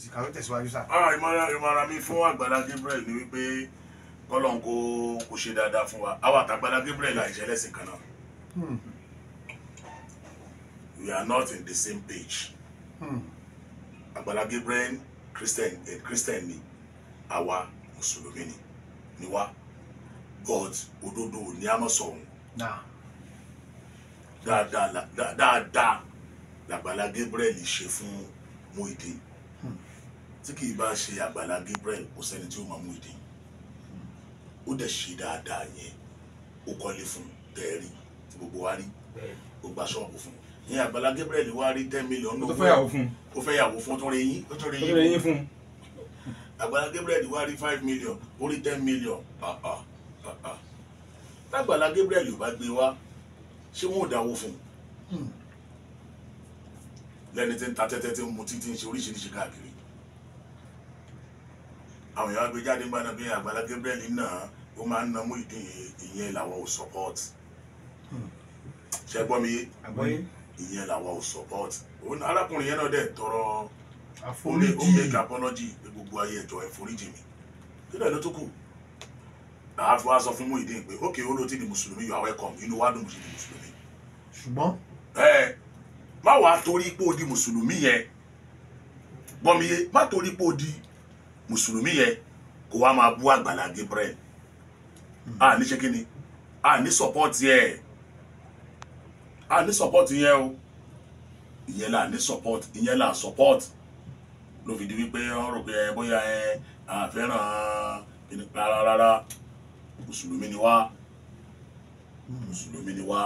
ìsìnkàwé tẹ̀síwájú sá. Ah, ìmọ̀ràn ìmọ̀ràn mi fún Àgbàlá Gabriel ni wípé kọ́lọ́n kó kó ṣe dáadáa fún wa àwọn àtàgbàlá Gabriel àìjẹ́ lẹ́sìn kan náà hmm. we are not in the same page hmm. Àgbàlá Gabriel Christian eh, Christian ni àwa mùsùlùmí ni ni wa God òdodo ni a máa sọ òun dáadáa dáadáa làgbàlá Gabriel ṣe fún Muyideen tí kì í bá ṣe àgbàlá Gabriel kò sẹ́ni tí ó máa mú ìdí ó dẹ̀ ṣe dáadáa yẹn ó kọ́lé fún tẹ́ẹ̀rí tí gbogbo wa rí ó gba ṣọ́ọ̀bù fún ní àgbàlá Gabriel wá rí ten million náà ó fẹ́ yàwó fún ó fẹ́ yàwó fún ó tún rí yín ó tún rí yín fún àgbàlá Gabriel wá rí five million ó rí ten million ah, ah, ah, tágbàlá Gabriel ò bá gbé wá ṣé wọn ò dáwó fún un. Hmm lẹ́ni tí ń ta tẹ́tẹ́ tí ń mutí tí ń ṣe oríṣiríṣi káàkiri àwọn èèyàn agbèjáde ń bá náà bí Àgbàlá Gabriel náà ó máa ń na mú ìdí ìyẹn làwọn ò support hmm. ṣe gbọ́ mi ìyẹn làwọn ò support arákùnrin yẹn náà dẹ̀ tọrọ ó make apology pé gbogbo ayé ẹ̀jọ̀ ẹ̀ foríjì mi kí lóò ló tó kù làá fi wá sọ fún mú ìdí pé ókè ó ló ti di mùsùlùmí you are welcome inú wa dùn mo mùsùlùmí. ṣùgbọ́n má wàá torí pé o di mùsùlùmí yẹn gbọ́miyé má torí pé o di mùsùlùmí yẹn kó wàá máa bú Àgbàlá Gabriel a ní ṣe kí ni a ní sọpọ́ọ̀tì ẹ̀ a ní sọpọ́ọ̀tì yẹn o ìyẹn là ní support ìyẹn là support ló fi di wípé wọn rò pé ẹ eh, bóyá ẹ eh, àfẹ́ràn kíni rárá rárá mùsùlùmí ni wá mùsùlùmí ni wá.